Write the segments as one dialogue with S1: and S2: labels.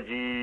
S1: technology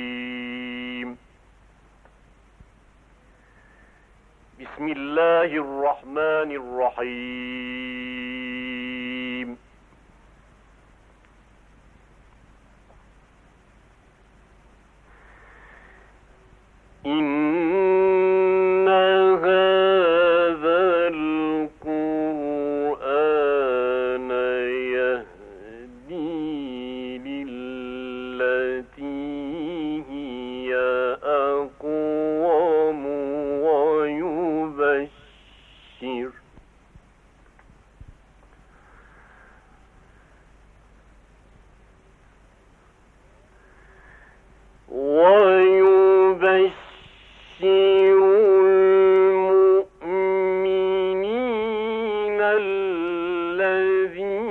S1: الذين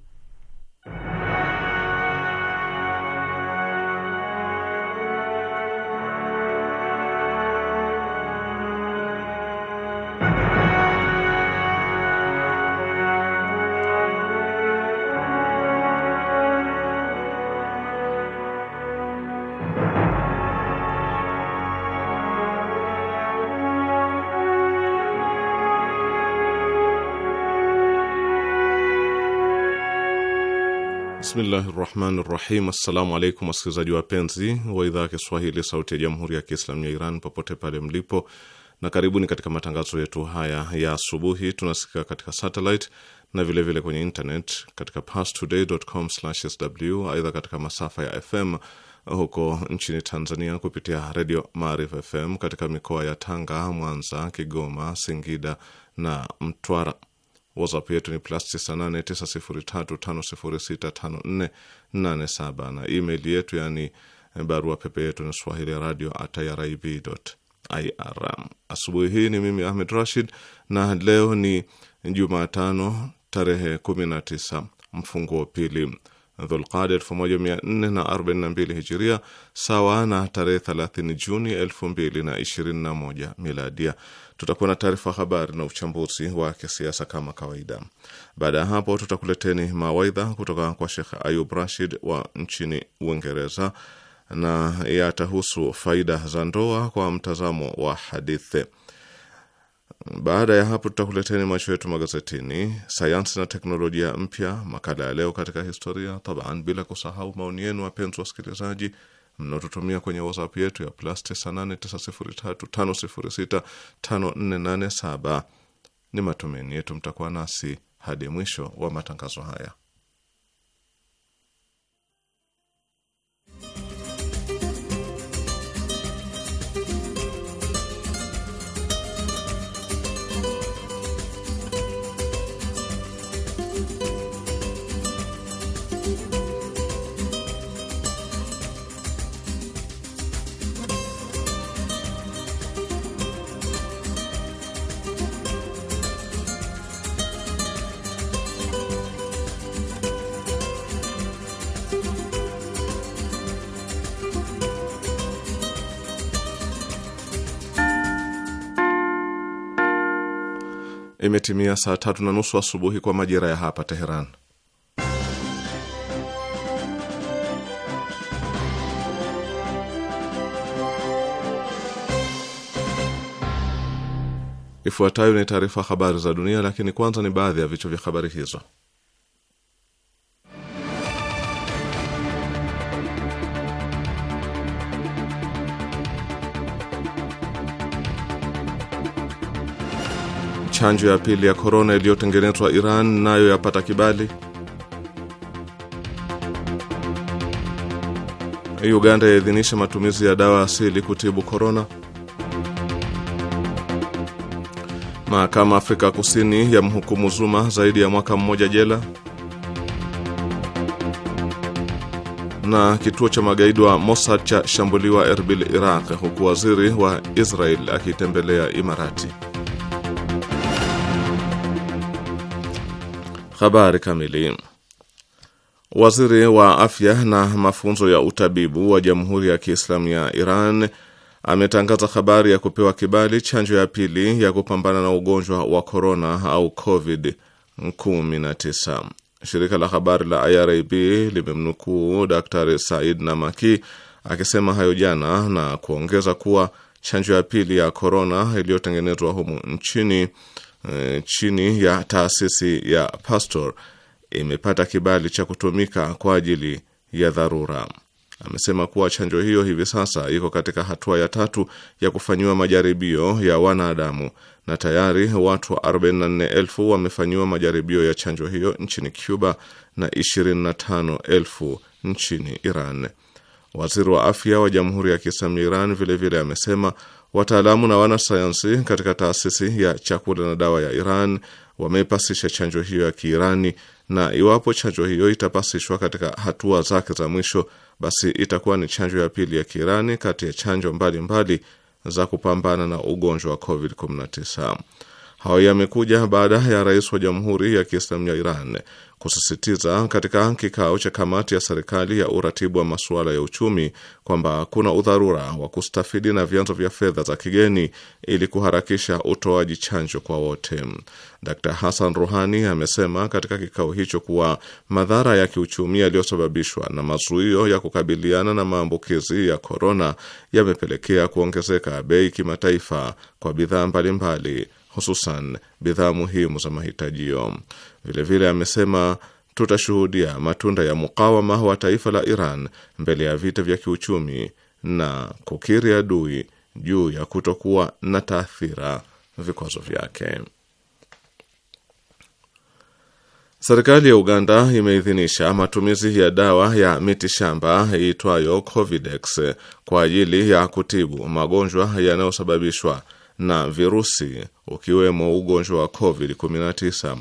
S2: Bye.
S3: Bismillahi rahmani rahim. Assalamu alaikum wasikilizaji wapenzi wa idhaa ya Kiswahili sauti ya jamhuri ya Kiislamu ya Iran popote pale mlipo, na karibuni katika matangazo yetu haya ya asubuhi. Tunasikika katika satellite na vilevile vile kwenye internet katika pastodaycom sw Aidha, katika masafa ya FM huko nchini Tanzania kupitia redio Maarifa FM katika mikoa ya Tanga, Mwanza, Kigoma, Singida na Mtwara. WhatsApp yetu ni plus 989035065487 na email yetu yani eh, barua pepe yetu ni swahili radio at irib ir. Asubuhi hii ni mimi Ahmed Rashid, na leo ni Jumatano tarehe 19 mfunguo pili Dhulqada 1442 hijiria sawa na tarehe 30 Juni 2021 miladia. Tutakuwa na taarifa habari na uchambuzi wa kisiasa kama kawaida. Baada ya hapo, tutakuleteni mawaidha kutoka kwa Shekh Ayub Rashid wa nchini Uingereza na yatahusu faida za ndoa kwa mtazamo wa hadithi. Baada ya hapo, tutakuleteni macho yetu magazetini, sayansi na teknolojia mpya, makala ya leo katika historia taban, bila kusahau maoni yenu, wapenzi wasikilizaji mnaotutumia kwenye WhatsApp yetu ya plus 989035065487. Ni matumaini yetu mtakuwa nasi hadi mwisho wa matangazo haya. imetimia saa tatu na nusu asubuhi kwa majira ya hapa Teheran. Ifuatayo ni taarifa habari za dunia, lakini kwanza ni baadhi ya vichwa vya habari hizo. chanjo ya pili ya korona iliyotengenezwa Iran nayo yapata kibali. Uganda yaidhinisha matumizi ya dawa asili kutibu korona. Mahakama Afrika Kusini ya mhukumu Zuma zaidi ya mwaka mmoja jela. Na kituo cha magaidi wa Mossad cha shambuliwa Erbil, Iraq, huku waziri wa Israel akitembelea Imarati. Habari kamili. Waziri wa afya na mafunzo ya utabibu wa Jamhuri ya Kiislamu ya Iran ametangaza habari ya kupewa kibali chanjo ya pili ya kupambana na ugonjwa wa korona au COVID-19. Shirika la habari la IRIB limemnukuu Daktari Said Namaki akisema hayo jana na kuongeza kuwa chanjo ya pili ya korona iliyotengenezwa humu nchini Eh, chini ya taasisi ya Pastor imepata kibali cha kutumika kwa ajili ya dharura. Amesema kuwa chanjo hiyo hivi sasa iko katika hatua ya tatu ya kufanyiwa majaribio ya wanadamu na tayari watu 44,000 wamefanyiwa majaribio ya chanjo hiyo nchini Cuba na 25,000 nchini Iran. Waziri wa afya wa Jamhuri ya Kiislamu Iran vilevile amesema Wataalamu na wanasayansi katika taasisi ya chakula na dawa ya Iran wameipasisha chanjo hiyo ya Kiirani, na iwapo chanjo hiyo itapasishwa katika hatua zake za mwisho, basi itakuwa ni chanjo ya pili ya Kiirani kati ya chanjo mbalimbali mbali za kupambana na ugonjwa wa COVID-19. Hayo yamekuja baada ya rais wa Jamhuri ya Kiislamu ya Iran kusisitiza katika kikao cha kamati ya serikali ya uratibu wa masuala ya uchumi kwamba kuna udharura wa kustafidi na vyanzo vya fedha za kigeni ili kuharakisha utoaji chanjo kwa wote. Dr Hassan Ruhani amesema katika kikao hicho kuwa madhara ya kiuchumi yaliyosababishwa na mazuio ya kukabiliana na maambukizi ya korona yamepelekea kuongezeka bei kimataifa kwa bidhaa mbalimbali hususan bidhaa muhimu za mahitajio. Vilevile amesema tutashuhudia matunda ya mukawama wa taifa la Iran mbele ya vita vya kiuchumi na kukiri adui juu ya kutokuwa na taathira vikwazo vyake. Serikali ya Uganda imeidhinisha matumizi ya dawa ya miti shamba iitwayo Covidex kwa ajili ya kutibu magonjwa yanayosababishwa na virusi ukiwemo ugonjwa wa COVID-19.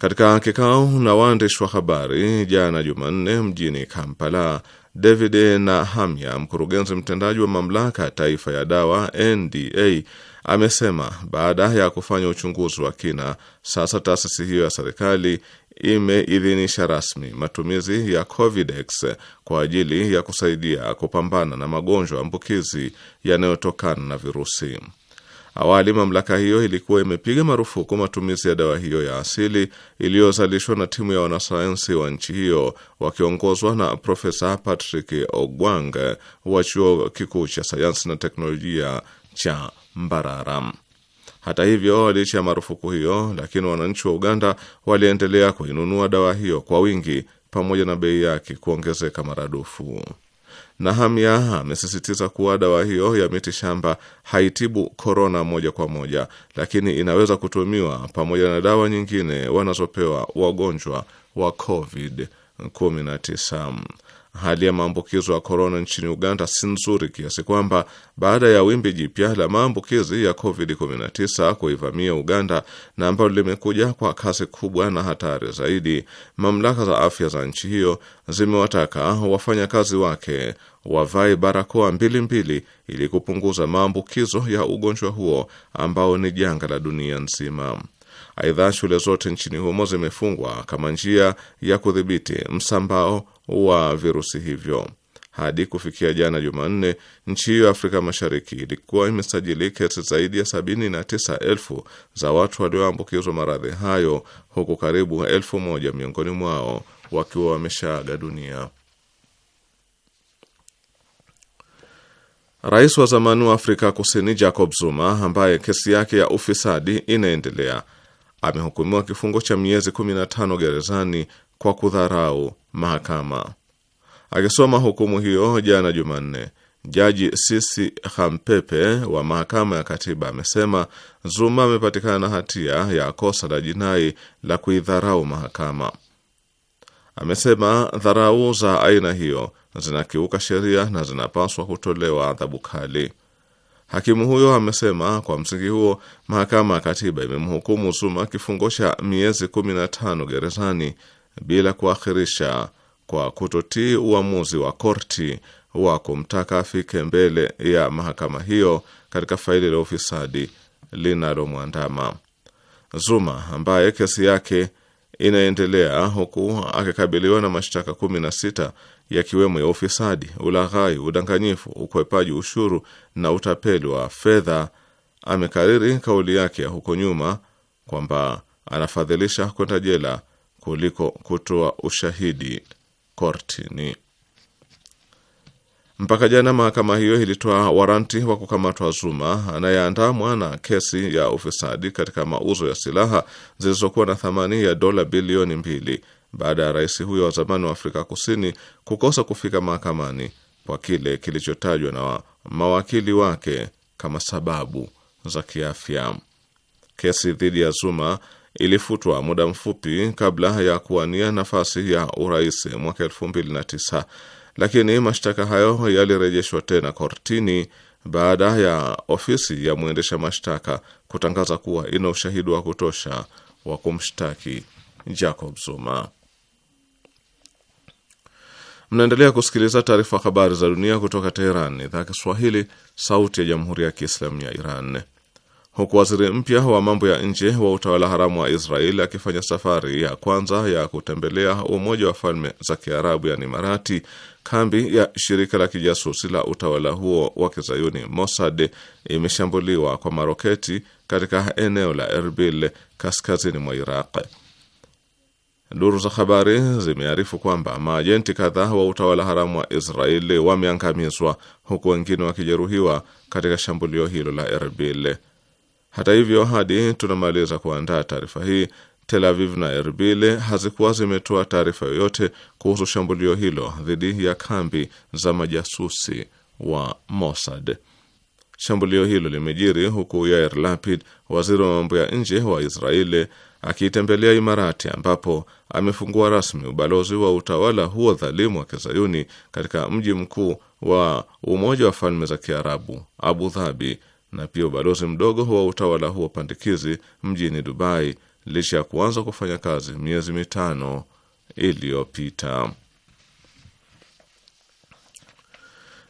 S3: Katika kikao na waandishi wa habari jana Jumanne mjini Kampala, David Nahamya, mkurugenzi mtendaji wa mamlaka ya taifa ya dawa NDA, amesema baada ya kufanya uchunguzi wa kina, sasa taasisi hiyo ya serikali imeidhinisha rasmi matumizi ya Covidex kwa ajili ya kusaidia kupambana na magonjwa ambukizi yanayotokana na virusi. Awali mamlaka hiyo ilikuwa imepiga marufuku matumizi ya dawa hiyo ya asili iliyozalishwa na timu ya wanasayansi wa nchi hiyo wakiongozwa na Profesa Patrick Ogwang wa chuo kikuu cha sayansi na teknolojia cha Mbararam. Hata hivyo, licha ya marufuku hiyo, lakini wananchi wa Uganda waliendelea kuinunua dawa hiyo kwa wingi pamoja na bei yake kuongezeka maradufu. Nahamia amesisitiza kuwa dawa hiyo ya miti shamba haitibu korona moja kwa moja, lakini inaweza kutumiwa pamoja na dawa nyingine wanazopewa wagonjwa wa COVID-19 hali ya maambukizo ya korona nchini Uganda si nzuri kiasi kwamba baada ya wimbi jipya la maambukizi ya COVID-19 kuivamia Uganda na ambalo limekuja kwa kasi kubwa na hatari zaidi, mamlaka za afya za nchi hiyo zimewataka wafanyakazi wake wavae barakoa mbili mbili ili kupunguza maambukizo ya ugonjwa huo ambao ni janga la dunia nzima. Aidha, shule zote nchini humo zimefungwa kama njia ya kudhibiti msambao wa virusi hivyo. Hadi kufikia jana Jumanne, nchi hiyo ya Afrika Mashariki ilikuwa imesajili kesi zaidi ya sabini na tisa elfu za watu walioambukizwa maradhi hayo, huku karibu elfu moja miongoni mwao wakiwa wameshaaga dunia. Rais wa zamani wa Afrika Kusini Jacob Zuma, ambaye kesi yake ya ufisadi inaendelea, amehukumiwa kifungo cha miezi 15 gerezani kwa kudharau mahakama. Akisoma hukumu hiyo jana Jumanne, Jaji Sisi Hampepe wa mahakama ya katiba amesema Zuma amepatikana na hatia ya kosa la jinai la kuidharau mahakama. Amesema dharau za aina hiyo zinakiuka sheria na zinapaswa kutolewa adhabu kali. Hakimu huyo amesema kwa msingi huo mahakama ya katiba imemhukumu Zuma kifungo cha miezi 15 gerezani bila kuakhirisha kwa kutotii uamuzi wa korti wa kumtaka afike mbele ya mahakama hiyo katika faili la ufisadi linalomwandama Zuma ambaye kesi yake inaendelea huku akikabiliwa na mashtaka kumi na sita yakiwemo ya ufisadi, ulaghai, udanganyifu, ukwepaji ushuru na utapeli wa fedha. Amekariri kauli yake ya huko nyuma kwamba anafadhilisha kwenda jela kuliko kutoa ushahidi kortini. Mpaka jana mahakama hiyo ilitoa waranti wa kukamatwa Zuma anayeandamwa na kesi ya ufisadi katika mauzo ya silaha zilizokuwa na thamani ya dola bilioni mbili baada ya rais huyo wa zamani wa Afrika Kusini kukosa kufika mahakamani kwa kile kilichotajwa na mawakili wake kama sababu za kiafya. Kesi dhidi ya Zuma ilifutwa muda mfupi kabla ya kuwania nafasi ya urais mwaka elfu tisa, lakini mashtaka hayo yalirejeshwa tena kortini baada ya ofisi ya mwendesha mashtaka kutangaza kuwa ina ushahidi wa kutosha wa kumshtaki Jacob Zuma. Mnaendelea kusikiliza taarifa habari za dunia kutoka Teheran, idhaa Kiswahili, sauti ya jamhuri ya kiislamu ya Iran huku waziri mpya wa mambo ya nje wa utawala haramu wa Israeli akifanya safari ya kwanza ya kutembelea Umoja wa Falme za Kiarabu yani Marati, kambi ya shirika la kijasusi la utawala huo wa kizayuni Mossad imeshambuliwa kwa maroketi katika eneo la Erbil kaskazini mwa Iraq. Duru za habari zimearifu kwamba maajenti kadhaa wa utawala haramu wa Israeli wameangamizwa huku wengine wakijeruhiwa katika shambulio hilo la Erbil. Hata hivyo, hadi tunamaliza kuandaa taarifa hii, Tel Aviv na Erbil hazikuwa zimetoa taarifa yoyote kuhusu shambulio hilo dhidi ya kambi za majasusi wa Mossad. Shambulio hilo limejiri huku Yair Lapid, waziri wa mambo ya nje wa Israeli, akiitembelea Imarati ambapo amefungua rasmi ubalozi wa utawala huo dhalimu wa kizayuni katika mji mkuu wa Umoja wa Falme za Kiarabu, Abu Dhabi, na pia ubalozi mdogo wa utawala huo pandikizi mjini Dubai licha ya kuanza kufanya kazi miezi mitano iliyopita.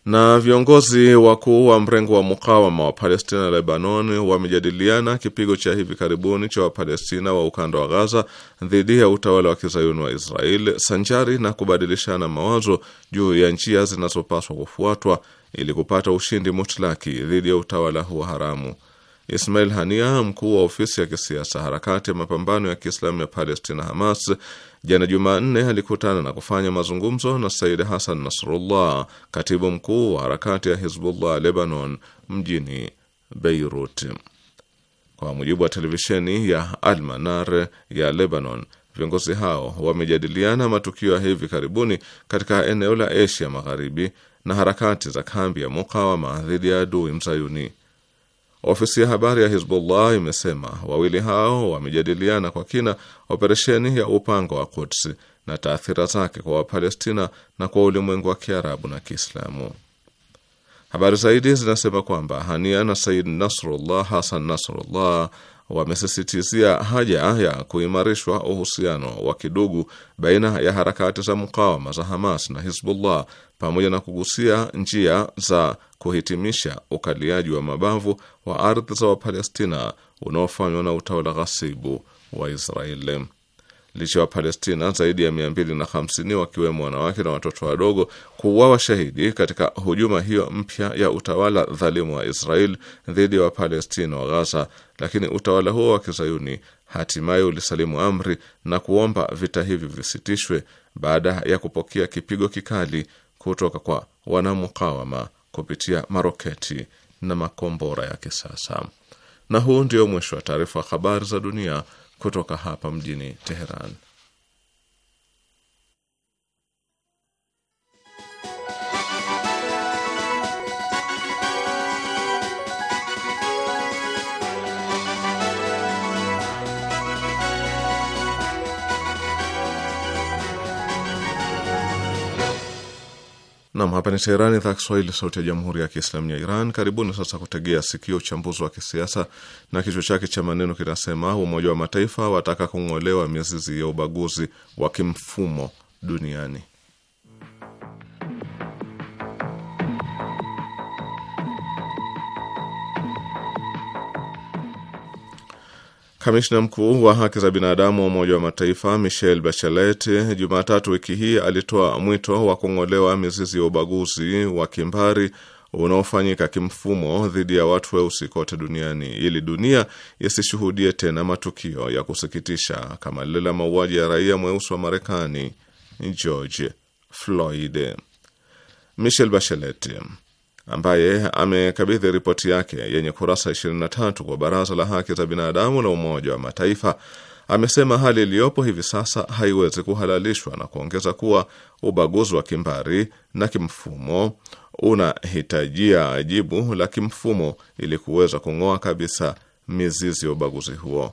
S3: Na viongozi wakuu wa mrengo wa mukawama wa Palestina Lebanon wamejadiliana kipigo cha hivi karibuni cha Wapalestina wa ukanda wa Gaza dhidi ya utawala wa kizayuni wa Israeli sanjari na kubadilishana mawazo juu ya njia zinazopaswa kufuatwa ili kupata ushindi mutlaki dhidi ya utawala huo haramu. Ismail Hania, mkuu wa ofisi ya kisiasa harakati ya mapambano ya Kiislamu ya Palestina, Hamas, jana Jumanne alikutana na kufanya mazungumzo na Said Hassan Nasrullah, katibu mkuu wa harakati ya Hizbullah Lebanon, mjini Beirut. Kwa mujibu wa televisheni ya Almanar ya Lebanon, viongozi hao wamejadiliana matukio ya hivi karibuni katika eneo la Asia Magharibi na harakati za kambi ya mukawama dhidi ya adui mzayuni. Ofisi ya habari ya Hizbullah imesema wawili hao wamejadiliana kwa kina operesheni ya upanga wa kutsi na taathira zake kwa Wapalestina na kwa ulimwengu wa Kiarabu na Kiislamu. Habari zaidi zinasema kwamba Hania na Said Nasrullah Hasan Nasrullah wamesisitizia haja ya kuimarishwa uhusiano wa kidugu baina ya harakati za mukawama za Hamas na Hizbullah pamoja na kugusia njia za kuhitimisha ukaliaji wa mabavu wa ardhi za Wapalestina unaofanywa na utawala ghasibu wa Israeli. Licha ya Palestina zaidi ya 250 wakiwemo wanawake na watoto wadogo kuuawa shahidi katika hujuma hiyo mpya ya utawala dhalimu wa Israel dhidi ya Wapalestina wa Gaza, lakini utawala huo wa kizayuni hatimaye ulisalimu amri na kuomba vita hivi visitishwe baada ya kupokea kipigo kikali kutoka kwa wanamukawama kupitia maroketi na makombora ya kisasa. Na huu ndio mwisho wa taarifa habari za dunia kutoka hapa mjini Teheran. Nam, hapa ni Teherani, idhaa Kiswahili, sauti ya jamhuri ya kiislamu ya Iran. Karibuni sasa kutegea sikio uchambuzi wa kisiasa na kichwa chake cha maneno kinasema: Umoja wa Mataifa wataka kung'olewa mizizi ya ubaguzi wa kimfumo duniani. Kamishna mkuu wa haki za binadamu wa Umoja wa Mataifa Michelle Bachelet Jumatatu wiki hii alitoa mwito wa kung'olewa mizizi ya ubaguzi wa kimbari unaofanyika kimfumo dhidi ya watu weusi kote duniani ili dunia isishuhudie tena matukio ya kusikitisha kama lile la mauaji ya raia mweusi wa Marekani George Floyd. Michelle Bachelet ambaye amekabidhi ripoti yake yenye kurasa 23 kwa Baraza la Haki za Binadamu la Umoja wa Mataifa amesema hali iliyopo hivi sasa haiwezi kuhalalishwa na kuongeza kuwa ubaguzi wa kimbari na kimfumo unahitajia jibu la kimfumo ili kuweza kung'oa kabisa mizizi ya ubaguzi huo.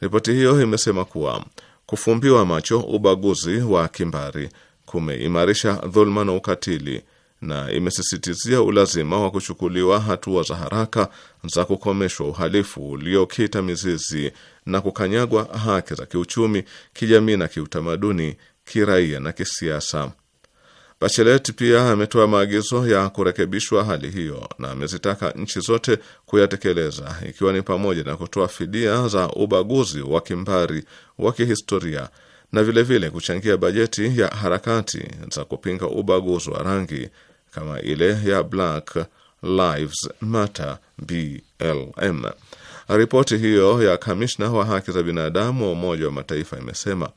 S3: Ripoti hiyo imesema kuwa kufumbiwa macho ubaguzi wa kimbari kumeimarisha dhuluma na ukatili na imesisitizia ulazima wa kuchukuliwa hatua za haraka za kukomeshwa uhalifu uliokita mizizi na kukanyagwa haki za kiuchumi, kijamii na kiutamaduni, kiraia na kisiasa. Bachelet pia ametoa maagizo ya kurekebishwa hali hiyo na amezitaka nchi zote kuyatekeleza ikiwa ni pamoja na kutoa fidia za ubaguzi wa kimbari wa kihistoria na vilevile vile kuchangia bajeti ya harakati za kupinga ubaguzi wa rangi kama ile ya Black Lives Matter BLM. Ripoti hiyo ya kamishna wa haki za binadamu wa Umoja wa Mataifa imesema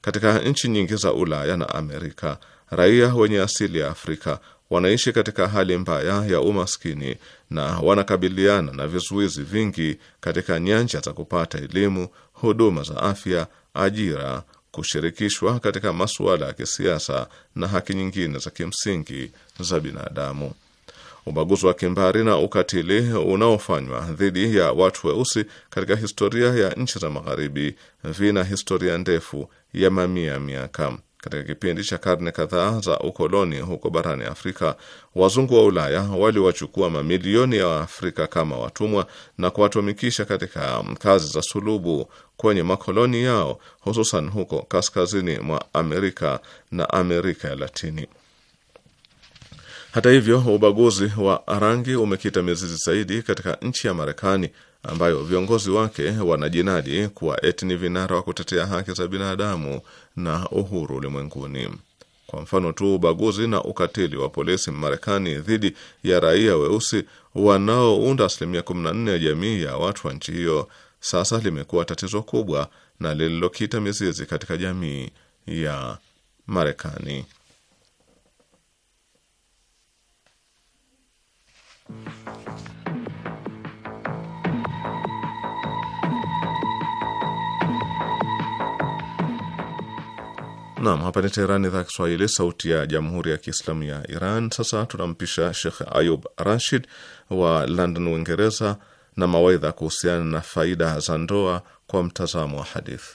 S3: katika nchi nyingi za Ulaya na Amerika, raia wenye asili ya Afrika wanaishi katika hali mbaya ya umaskini na wanakabiliana na vizuizi vingi katika nyanja za kupata elimu, huduma za afya, ajira kushirikishwa katika masuala ya kisiasa na haki nyingine za kimsingi za binadamu. Ubaguzi wa kimbari na ukatili unaofanywa dhidi ya watu weusi katika historia ya nchi za Magharibi vina historia ndefu ya mamia ya miaka. Katika kipindi cha karne kadhaa za ukoloni huko barani Afrika, wazungu wa Ulaya waliwachukua mamilioni ya Waafrika kama watumwa na kuwatumikisha katika um, kazi za sulubu kwenye makoloni yao, hususan huko kaskazini mwa Amerika na Amerika ya Latini. Hata hivyo, ubaguzi wa rangi umekita mizizi zaidi katika nchi ya Marekani ambayo viongozi wake wanajinadi kuwa eti ni vinara wa kutetea haki za binadamu na uhuru ulimwenguni. Kwa mfano tu, ubaguzi na ukatili wa polisi Marekani dhidi ya raia weusi wanaounda asilimia 14 ya jamii ya watu wa nchi hiyo sasa limekuwa tatizo kubwa na lililokita mizizi katika jamii ya Marekani. Naam, hapa ni Teherani, idhaa Kiswahili, sauti ya jamhuri ya kiislamu ya Iran. Sasa tunampisha Shekh Ayub Rashid wa London, Uingereza, na mawaidha kuhusiana na faida za ndoa kwa mtazamo wa hadithi.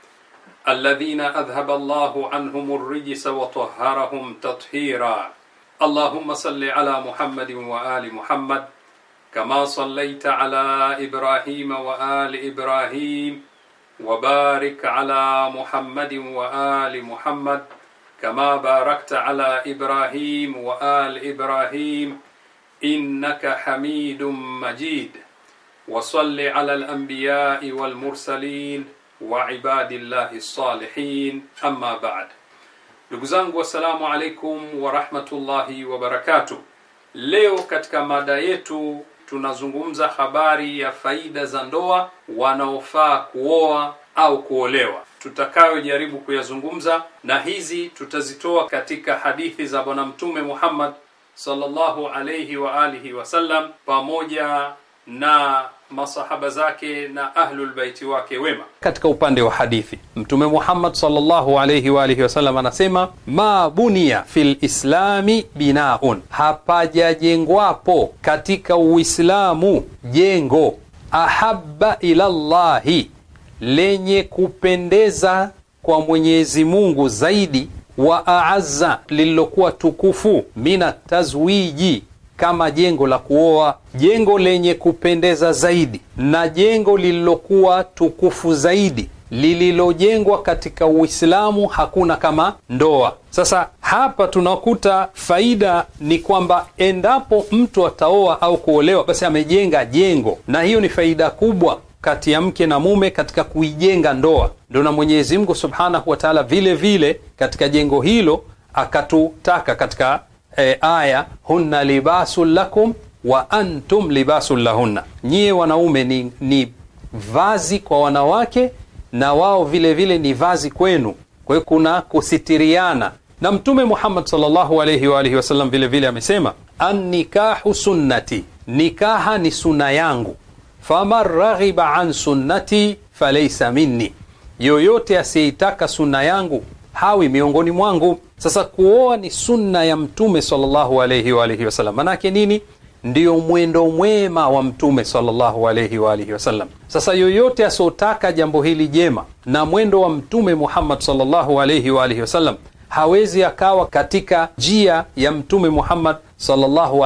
S4: الذين أذهب الله عنهم الرجس وطهرهم تطهيرا اللهم صل على محمد وآل محمد كما صليت على إبراهيم وآل إبراهيم وبارك على محمد وآل محمد كما باركت على إبراهيم وآل إبراهيم إنك حميد مجيد وصل على الأنبياء والمرسلين wa ibadillahi salihin amma ba'd ndugu zangu wassalamu alaikum wa rahmatullahi wa barakatuh leo katika mada yetu tunazungumza habari ya faida za ndoa wanaofaa kuoa au kuolewa tutakayojaribu kuyazungumza na hizi tutazitoa katika hadithi za bwana mtume Muhammad sallallahu alayhi wa alihi wasallam pamoja na masahaba zake na ahlulbaiti wake wema. Katika upande wa hadithi, Mtume Muhammad sallallahu alayhi wa alihi wasallam anasema ma bunia fil islami binaun, hapajajengwapo katika Uislamu jengo ahabba ila llahi, lenye kupendeza kwa Mwenyezi Mungu zaidi, wa aazza, lililokuwa tukufu, mina tazwiji kama jengo la kuoa, jengo lenye kupendeza zaidi na jengo lililokuwa tukufu zaidi lililojengwa katika Uislamu hakuna kama ndoa. Sasa hapa tunakuta faida ni kwamba endapo mtu ataoa au kuolewa, basi amejenga jengo, na hiyo ni faida kubwa kati ya mke na mume katika kuijenga ndoa. ndo na Mwenyezi Mungu subhanahu wa taala vile vile katika jengo hilo akatutaka katika e, aya hunna libasun lakum wa antum libasun lahunna, nyie wanaume ni, ni vazi kwa wanawake na wao vile vile ni vazi kwenu. Kwa hiyo kuna kusitiriana, na Mtume Muhammad sallallahu alayhi wa alihi wasallam vile vile amesema annikahu sunnati, nikaha ni suna yangu, faman raghiba an sunnati falaysa minni, yoyote asiyeitaka suna yangu hawi miongoni mwangu. Sasa kuoa ni sunna ya Mtume sallallahu wasallam. Manake nini? Ndiyo mwendo mwema wa Mtume sallallahu wasallam. Sasa yoyote asiotaka jambo hili jema na mwendo wa Mtume Muhammad sallallahu wasallam hawezi akawa katika njia ya Mtume Muhammad sallallahu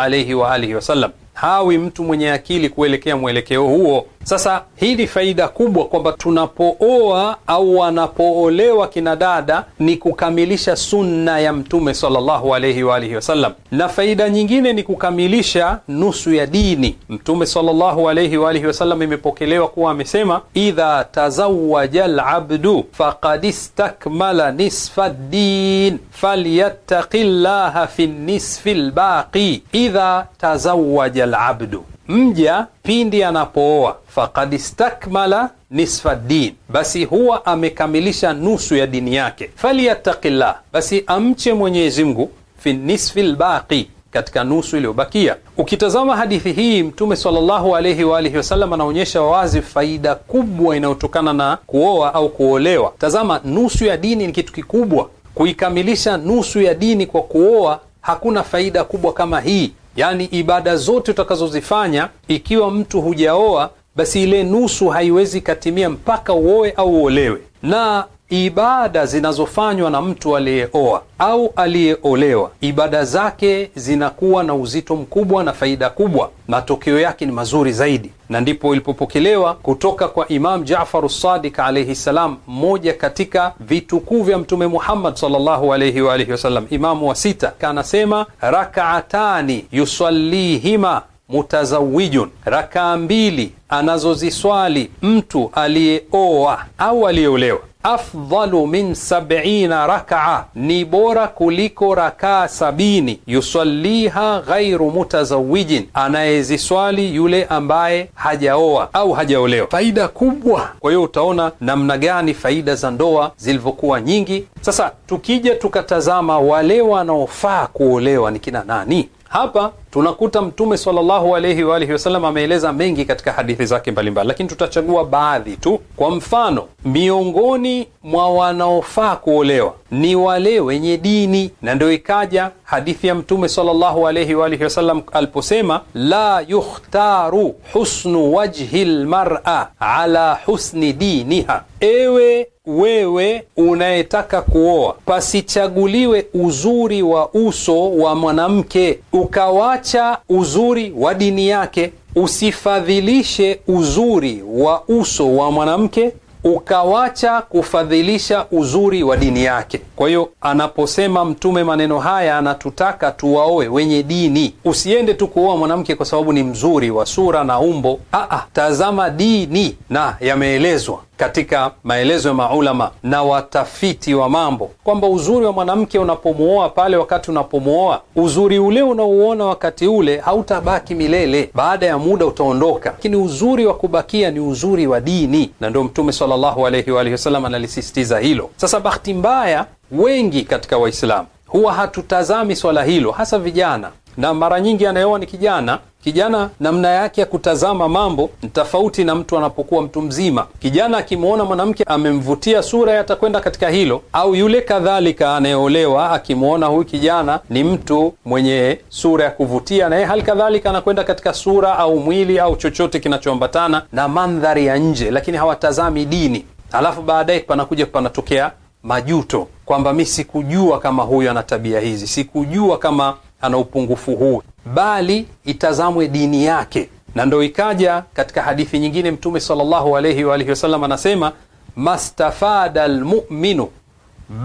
S4: wasallam. Hawi mtu mwenye akili kuelekea mwelekeo huo. Sasa hili faida kubwa kwamba tunapooa au wanapoolewa kina dada ni kukamilisha sunna ya Mtume sallallahu alayhi wa alihi wasallam, na faida nyingine ni kukamilisha nusu ya dini. Mtume sallallahu alayhi wa alihi wasallam imepokelewa kuwa amesema, idha tazawaja labdu faqad istakmala nisfa ddin falyattaqi llaha fi nisfi lbaqi. Idha tazawaja labdu mja pindi anapooa, fakad stakmala nisfa din, basi huwa amekamilisha nusu ya dini yake. Falyattaqillah, basi amche Mwenyezi Mungu fi nisfi lbaqi katika nusu iliyobakia. Ukitazama hadithi hii, Mtume sallallahu alayhi wa alihi wasallam anaonyesha wazi faida kubwa inayotokana na kuoa au kuolewa. Tazama, nusu ya dini ni kitu kikubwa. Kuikamilisha nusu ya dini kwa kuoa hakuna faida kubwa kama hii yani ibada zote utakazozifanya, ikiwa mtu hujaoa, basi ile nusu haiwezi katimia mpaka uoe au uolewe. Na ibada zinazofanywa na mtu aliyeoa au aliyeolewa, ibada zake zinakuwa na uzito mkubwa na faida kubwa, matokeo yake ni mazuri zaidi. Na ndipo ilipopokelewa kutoka kwa Imam Jafaru sadik alaihi ssalam, mmoja katika vitukuu vya Mtume Muhammad sallallahu alaihi wa alihi wasallam, imamu wa sita, anasema rakaatani yusalihima mutazawijun, rakaa mbili anazoziswali mtu aliyeoa au aliyeolewa afdalu min sabina rakaa, ni bora kuliko rakaa sabini. Yusaliha ghairu mutazawijin, anayeziswali yule ambaye hajaoa au hajaolewa. Faida kubwa. Kwa hiyo utaona namna gani faida za ndoa zilivyokuwa nyingi. Sasa tukija tukatazama wale wanaofaa kuolewa ni kina nani hapa tunakuta Mtume sallallahu alayhi wa alihi wasallam ameeleza mengi katika hadithi zake mbalimbali, lakini tutachagua baadhi tu. Kwa mfano, miongoni mwa wanaofaa kuolewa ni wale wenye dini, na ndio ikaja hadithi ya Mtume sallallahu alayhi wa alihi wasallam aliposema, la yukhtaru husnu wajhi lmara ala husni diniha, ewe wewe unayetaka kuoa, pasichaguliwe uzuri wa uso wa mwanamke ukawa acha uzuri wa dini yake, usifadhilishe uzuri wa uso wa mwanamke ukawacha kufadhilisha uzuri wa dini yake. Kwa hiyo anaposema Mtume maneno haya, anatutaka tuwaoe wenye dini. Usiende tu kuoa mwanamke kwa sababu ni mzuri wa sura na umbo. Aa, tazama dini na yameelezwa katika maelezo ya maulama na watafiti wa mambo kwamba uzuri wa mwanamke unapomwoa pale, wakati unapomwoa, uzuri ule unaouona wakati ule hautabaki milele, baada ya muda utaondoka, lakini uzuri wa kubakia ni uzuri wa dini, na ndio Mtume sallallahu alayhi wa alihi wasallam analisisitiza hilo. Sasa bahati mbaya, wengi katika Waislamu huwa hatutazami swala hilo, hasa vijana na mara nyingi anayeoa ni kijana. Kijana namna yake ya kutazama mambo ni tofauti na mtu anapokuwa mtu mzima. Kijana akimwona mwanamke amemvutia sura, atakwenda katika hilo, au yule kadhalika anayeolewa akimwona huyu kijana ni mtu mwenye sura ya kuvutia, naye hali kadhalika anakwenda katika sura au mwili au chochote kinachoambatana na mandhari ya nje, lakini hawatazami dini. Alafu baadaye panakuja panatokea majuto kwamba mi sikujua kama huyu ana tabia hizi, sikujua kama ana upungufu huu, bali itazamwe dini yake. Na ndo ikaja katika hadithi nyingine Mtume sallallahu alayhi wa alihi wasallam anasema mastafada lmuminu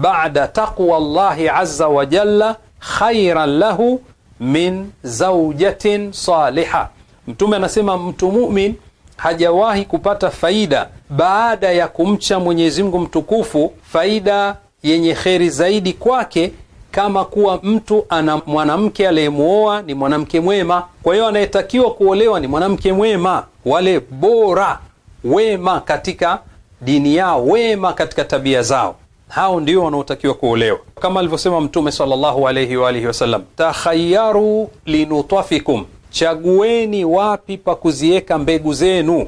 S4: bada taqwa llahi aza wa jalla khairan lahu min zaujatin saliha. Mtume anasema mtu mumin hajawahi kupata faida baada ya kumcha Mwenyezi Mungu mtukufu, faida yenye kheri zaidi kwake kama kuwa mtu ana mwanamke aliyemwoa ni mwanamke mwema. Kwa hiyo anayetakiwa kuolewa ni mwanamke mwema, wale bora, wema katika dini yao, wema katika tabia zao, hao ndio wanaotakiwa kuolewa, kama alivyosema Mtume sallallahu alayhi wa alihi wasallam, takhayaru linutafikum, chagueni wapi pa kuziweka mbegu zenu,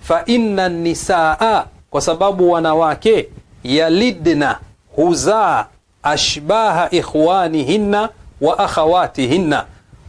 S4: fa inna nisaa, kwa sababu wanawake yalidna huzaa ashbaha ikhwanihinna wa akhawatihinna,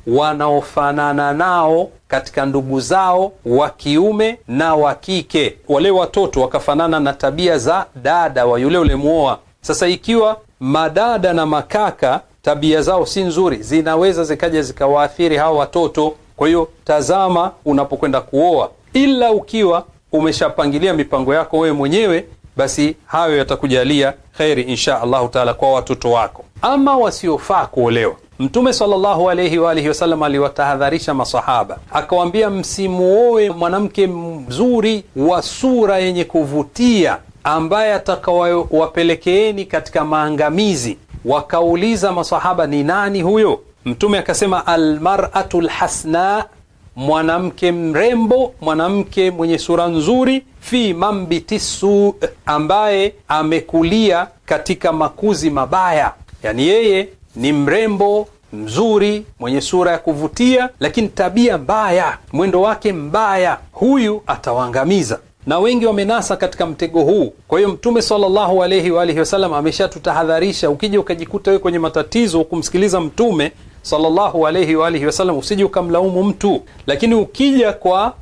S4: wanaofanana nao katika ndugu zao wa kiume na wa kike. Wale watoto wakafanana na tabia za dada wa yule ulemwoa. Sasa ikiwa madada na makaka tabia zao si nzuri, zinaweza zikaja zikawaathiri hawa watoto. Kwa hiyo tazama unapokwenda kuoa, ila ukiwa umeshapangilia mipango yako wewe mwenyewe basi hayo yatakujalia kheri insha allahu taala kwa watoto wako. Ama wasiofaa kuolewa, Mtume sallallahu alaihi wa alihi wasallam aliwatahadharisha masahaba akawaambia, msimuoe mwanamke mzuri wa sura yenye kuvutia ambaye atakawawapelekeeni katika maangamizi. Wakauliza masahaba, ni nani huyo? Mtume akasema, almaratu lhasna mwanamke mrembo, mwanamke mwenye sura nzuri, fi mambitisu, ambaye amekulia katika makuzi mabaya. Yani yeye ni mrembo mzuri mwenye sura ya kuvutia, lakini tabia mbaya, mwendo wake mbaya, huyu atawaangamiza na wengi wamenasa katika mtego huu. Kwa hiyo Mtume sallallahu alaihi wa alihi wasallam ameshatutahadharisha. Ukija ukajikuta wewe kwenye matatizo, kumsikiliza Mtume sallallahu alayhi wa alihi wasallam, usije ukamlaumu mtu. Lakini ukija kwa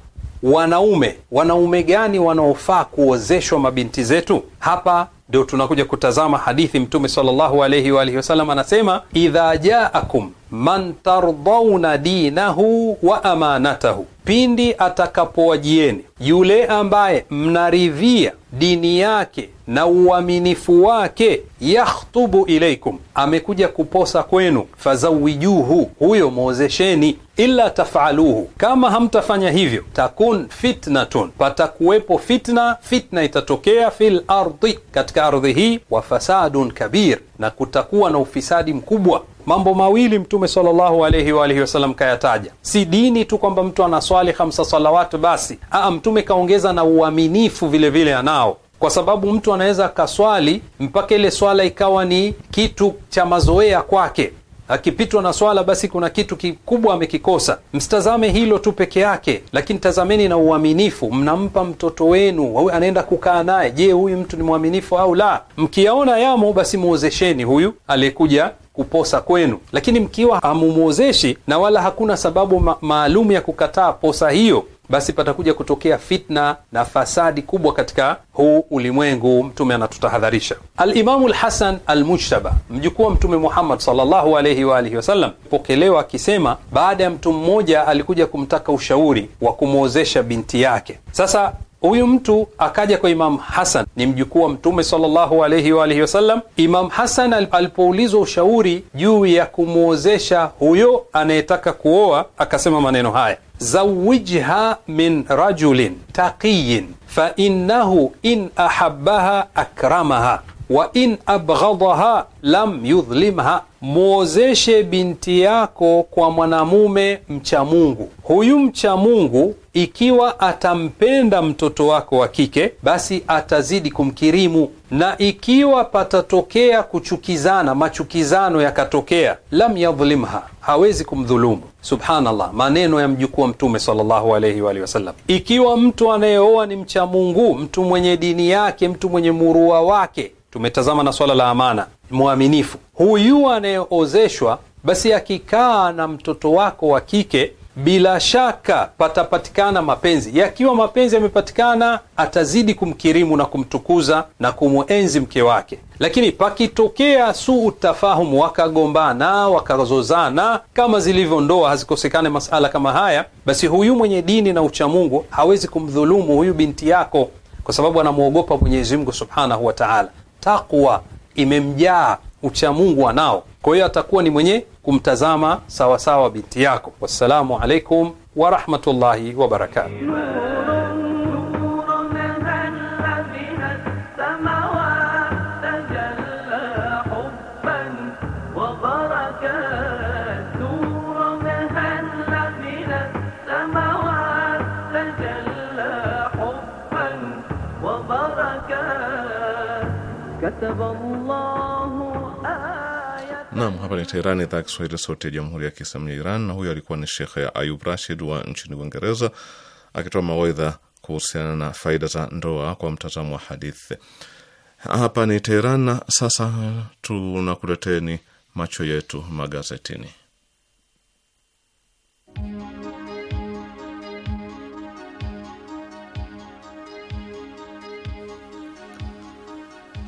S4: wanaume, wanaume gani wanaofaa kuozeshwa mabinti zetu? Hapa ndio tunakuja kutazama hadithi. Mtume sallallahu alayhi wa alihi wasallam anasema idha jaakum man tardauna dinahu wa amanatahu, pindi atakapowajieni yule ambaye mnaridhia dini yake na uaminifu wake, yakhtubu ilaikum, amekuja kuposa kwenu, fazawijuhu, huyo mwozesheni. Illa tafaluhu, kama hamtafanya hivyo, takun fitnatun, patakuwepo fitna, fitna itatokea fil lardi katika ardhi hii, wa fasadun kabir, na kutakuwa na ufisadi mkubwa Mambo mawili Mtume sallallahu alayhi wa wasallam kayataja, si dini tu kwamba mtu anaswali hamsa salawatu basi. Aa, Mtume kaongeza na uaminifu vile vile anao kwa sababu mtu anaweza akaswali mpaka ile swala ikawa ni kitu cha mazoea kwake, akipitwa na swala, basi kuna kitu kikubwa amekikosa. Msitazame hilo tu peke yake, lakini tazameni na uaminifu. Mnampa mtoto wenu, anaenda kukaa naye, je, huyu mtu ni mwaminifu au la? Mkiyaona yamo, basi mwozesheni huyu aliyekuja kuposa kwenu, lakini mkiwa hamumwozeshi na wala hakuna sababu ma maalum ya kukataa posa hiyo, basi patakuja kutokea fitna na fasadi kubwa katika huu ulimwengu. Mtume anatutahadharisha. Alimamu Lhasan Almujtaba, mjukuu wa Mtume Muhammad sallallahu wa alihi wasallam, pokelewa akisema, baada ya mtu mmoja alikuja kumtaka ushauri wa kumwozesha binti yake. Sasa huyu mtu akaja kwa Imamu Hasan, ni mjukuu wa Mtume sallallahu wa alihi wasallam. Imamu Hasan alipoulizwa ushauri juu ya kumwozesha huyo anayetaka kuoa, akasema maneno haya زوجها من رجل تقي فإنه إن أحبها أكرمها wa in abghadaha lam yudhlimha, mwozeshe binti yako kwa mwanamume mcha Mungu. Huyu mcha Mungu ikiwa atampenda mtoto wako wa kike, basi atazidi kumkirimu, na ikiwa patatokea kuchukizana, machukizano yakatokea, lam yadhlimha, hawezi kumdhulumu. Subhanallah, maneno ya mjukuu wa Mtume sallallahu alayhi wa sallam. Ikiwa mtu anayeoa ni mcha Mungu, mtu mwenye dini yake, mtu mwenye murua wake tumetazama na swala la amana, mwaminifu huyu anayeozeshwa, basi akikaa na mtoto wako wa kike bila shaka patapatikana mapenzi. Yakiwa mapenzi yamepatikana, atazidi kumkirimu na kumtukuza na kumwenzi mke wake. Lakini pakitokea su utafahumu wakagombana wakazozana, kama zilivyo ndoa, hazikosekane masala kama haya, basi huyu mwenye dini na uchamungu hawezi kumdhulumu huyu binti yako, kwa sababu anamwogopa Mwenyezi Mungu subhanahu wa taala takwa imemjaa uchamungu anao, kwa hiyo atakuwa ni mwenye kumtazama sawasawa binti yako. Wassalamu alaikum warahmatullahi
S5: wabarakatuh.
S3: Naam, hapa ni Teherani, idhaa ya Kiswahili, sauti ya jamhuri ya kiislamu ya Iran. Na huyo alikuwa ni Shekhe Ayub Rashid wa nchini Uingereza akitoa mawaidha kuhusiana na faida za ndoa kwa mtazamo wa hadithi. Hapa ni Teheran na sasa tunakuleteni macho yetu magazetini.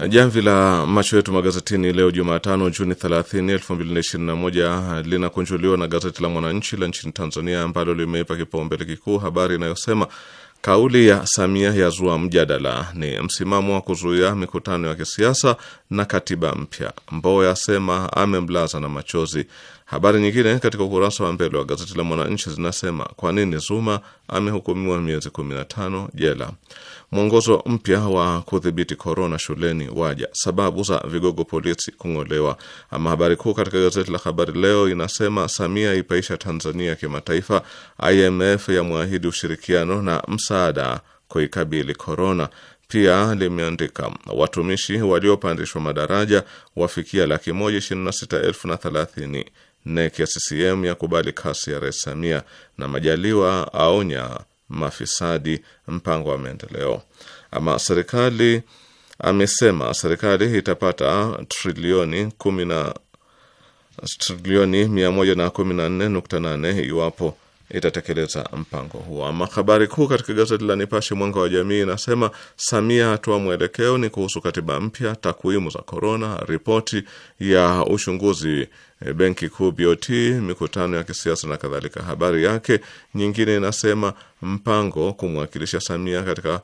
S3: Jamvi la macho yetu magazetini leo Jumatano, Juni 30, 2021 linakunjuliwa na gazeti la Mwananchi la nchini Tanzania, ambalo limeipa kipaumbele kikuu habari inayosema kauli ya Samia yazua mjadala, ni msimamo wa kuzuia mikutano ya kisiasa na katiba mpya. Mboya asema amemlaza na machozi, Habari nyingine katika ukurasa wa mbele wa gazeti la Mwananchi zinasema kwa nini Zuma amehukumiwa miezi 15 jela, mwongozo mpya wa kudhibiti korona shuleni waja, sababu za vigogo polisi kung'olewa. Ama habari kuu katika gazeti la Habari Leo inasema Samia ipaisha Tanzania ya kimataifa, IMF yamwahidi ushirikiano na msaada kuikabili korona. Pia limeandika watumishi waliopandishwa madaraja wafikia laki moja ishirini na sita elfu na thelathini NEC ya CCM yakubali kasi ya Rais Samia na Majaliwa aonya mafisadi mpango wa maendeleo. Ama serikali amesema serikali itapata trilioni kumi na trilioni 114.8 iwapo itatekeleza mpango huo. Ama habari kuu katika gazeti la Nipashe Mwanga wa Jamii inasema Samia atoa mwelekeo ni kuhusu katiba mpya, takwimu za korona, ripoti ya uchunguzi e, benki kuu BOT, mikutano ya kisiasa na kadhalika. Habari yake nyingine inasema mpango kumwakilisha Samia katika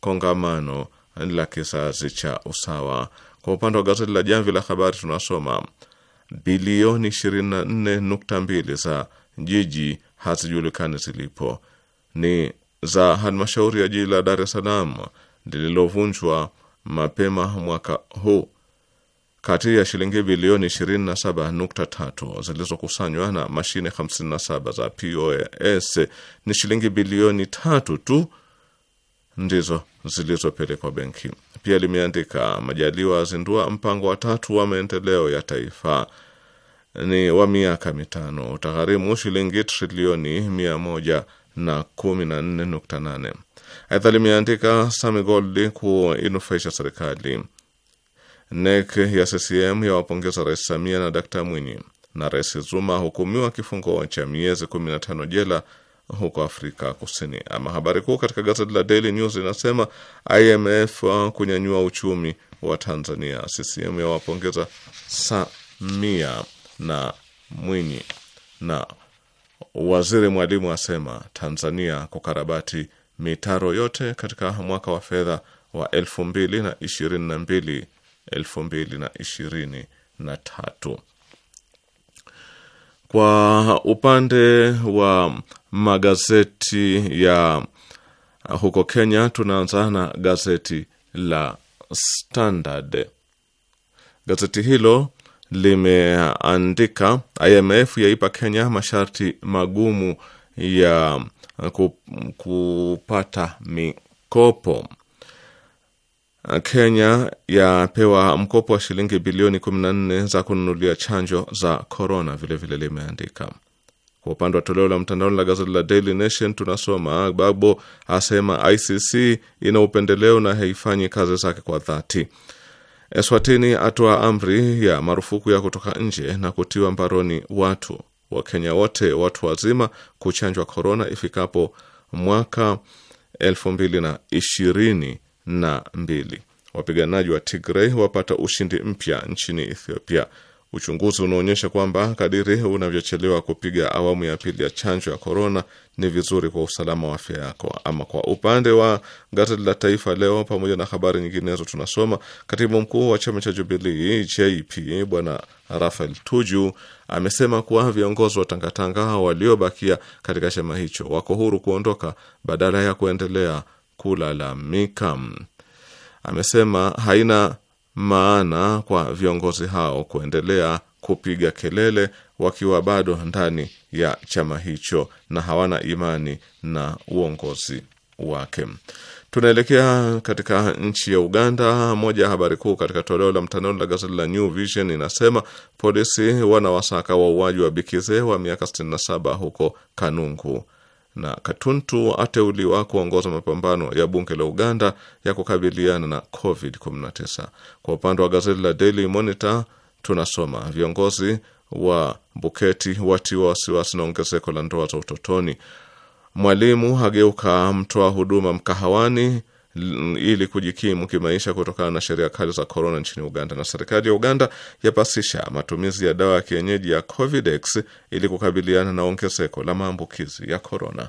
S3: kongamano la kizazi cha usawa. Kwa upande wa gazeti la Jamvi la Habari tunasoma bilioni 24.2 za jiji hazijulikani zilipo, ni za halmashauri ya jiji la Dar es Salaam lililovunjwa mapema mwaka huu. Kati ya shilingi bilioni 27.3 zilizokusanywa na mashine 57 za POS ni shilingi bilioni tatu tu ndizo zilizopelekwa benki. Pia limeandika Majaliwa azindua mpango wa tatu wa maendeleo ya taifa ni wa miaka mitano utagharimu shilingi trilioni mia moja na Aidha limeandika Sami Goldi kuinufaisha serikali. NEC ya CCM ya wapongeza Rais Samia na Dkt Mwinyi, na Rais Zuma hukumiwa kifungo cha miezi 15 jela huko Afrika Kusini. Ama habari kuu katika gazeti la Daily News inasema IMF kunyanyua uchumi wa Tanzania. CCM ya wapongeza Samia na Mwinyi. Na waziri Mwalimu asema Tanzania kukarabati mitaro yote katika mwaka wa fedha wa elfu mbili na ishirini na mbili elfu mbili na ishirini na tatu. Kwa upande wa magazeti ya huko Kenya, tunaanza na gazeti la Standard. Gazeti hilo limeandika IMF yaipa Kenya masharti magumu ya kupata mikopo. Kenya yapewa mkopo wa shilingi bilioni 14 za kununulia chanjo za korona. Vilevile limeandika kwa upande wa toleo la mtandaoni la gazeti la Daily Nation tunasoma Babo asema ICC ina upendeleo na haifanyi kazi zake kwa dhati. Eswatini atoa amri ya marufuku ya kutoka nje na kutiwa mbaroni watu. Wakenya wote watu wazima kuchanjwa korona ifikapo mwaka elfu mbili na ishirini na mbili. Wapiganaji wa Tigrei wapata ushindi mpya nchini Ethiopia. Uchunguzi unaonyesha kwamba kadiri unavyochelewa kupiga awamu ya pili ya chanjo ya korona ni vizuri kwa usalama wa afya yako. Ama kwa upande wa gazeti la Taifa Leo pamoja na habari nyinginezo, tunasoma katibu mkuu wa chama cha Jubilii JP Bwana Rafael Tuju amesema kuwa viongozi wa tangatanga waliobakia katika chama hicho wako huru kuondoka badala ya kuendelea kulalamika. Amesema haina maana kwa viongozi hao kuendelea kupiga kelele wakiwa bado ndani ya chama hicho na hawana imani na uongozi wake. Tunaelekea katika nchi ya Uganda. Moja ya habari kuu katika toleo la mtandao la gazeti la New Vision inasema polisi wanawasaka wauaji wa bikizee wa miaka 67 huko Kanungu na Katuntu ateuliwa kuongoza mapambano ya bunge la Uganda ya kukabiliana na COVID-19. Kwa upande wa gazeti la Daily Monitor tunasoma viongozi wa Buketi watiwa wasiwasi na ongezeko la ndoa za utotoni. Mwalimu ageuka mtoa huduma mkahawani ili kujikimu kimaisha kutokana na sheria kali za korona nchini Uganda. Na serikali ya Uganda yapasisha matumizi ya dawa ya kienyeji ya Covidex ili kukabiliana na ongezeko la maambukizi ya korona.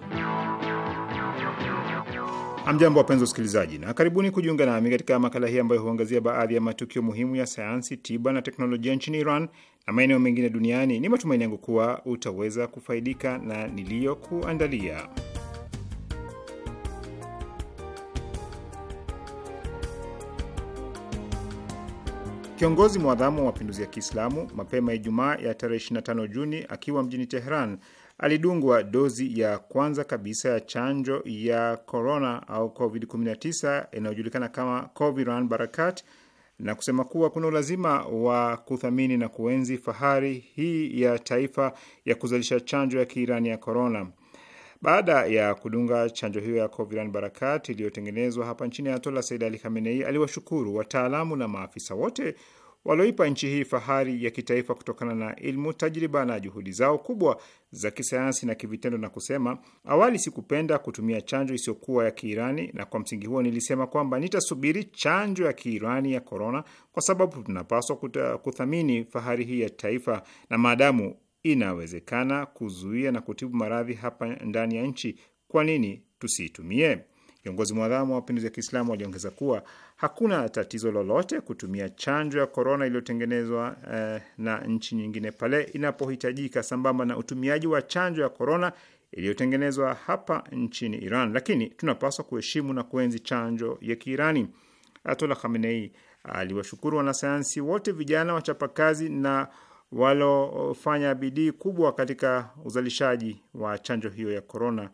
S2: Hamjambo, wapenzi wasikilizaji, na karibuni kujiunga nami katika makala hii ambayo huangazia baadhi ya matukio muhimu ya sayansi, tiba na teknolojia nchini Iran na maeneo mengine duniani. Ni matumaini yangu kuwa utaweza kufaidika na niliyokuandalia. Kiongozi mwadhamu wa mapinduzi ya Kiislamu mapema Ijumaa ya tarehe 25 Juni akiwa mjini Teheran alidungwa dozi ya kwanza kabisa ya chanjo ya corona au COVID-19 inayojulikana kama Coviran Barakat na kusema kuwa kuna ulazima wa kuthamini na kuenzi fahari hii ya taifa ya kuzalisha chanjo ya Kiirani ya corona. Baada ya kudunga chanjo hiyo ya Coviran Barakat iliyotengenezwa hapa nchini, Ayatollah Said Ali Khamenei aliwashukuru wataalamu na maafisa wote walioipa nchi hii fahari ya kitaifa kutokana na ilmu, tajriba na juhudi zao kubwa za kisayansi na kivitendo, na kusema awali sikupenda kutumia chanjo isiyokuwa ya Kiirani, na kwa msingi huo nilisema kwamba nitasubiri chanjo ya Kiirani ya korona, kwa sababu tunapaswa kuthamini fahari hii ya taifa, na maadamu inawezekana kuzuia na kutibu maradhi hapa ndani ya nchi, kwa nini tusiitumie? Viongozi mwadhamu wa mapinduzi ya Kiislamu waliongeza kuwa hakuna tatizo lolote kutumia chanjo ya korona iliyotengenezwa eh, na nchi nyingine pale inapohitajika, sambamba na utumiaji wa chanjo ya korona iliyotengenezwa hapa nchini Iran, lakini tunapaswa kuheshimu na kuenzi chanjo ya Kiirani. Atola Khamenei aliwashukuru wanasayansi wote vijana wachapakazi na walofanya bidii kubwa katika uzalishaji wa chanjo hiyo ya korona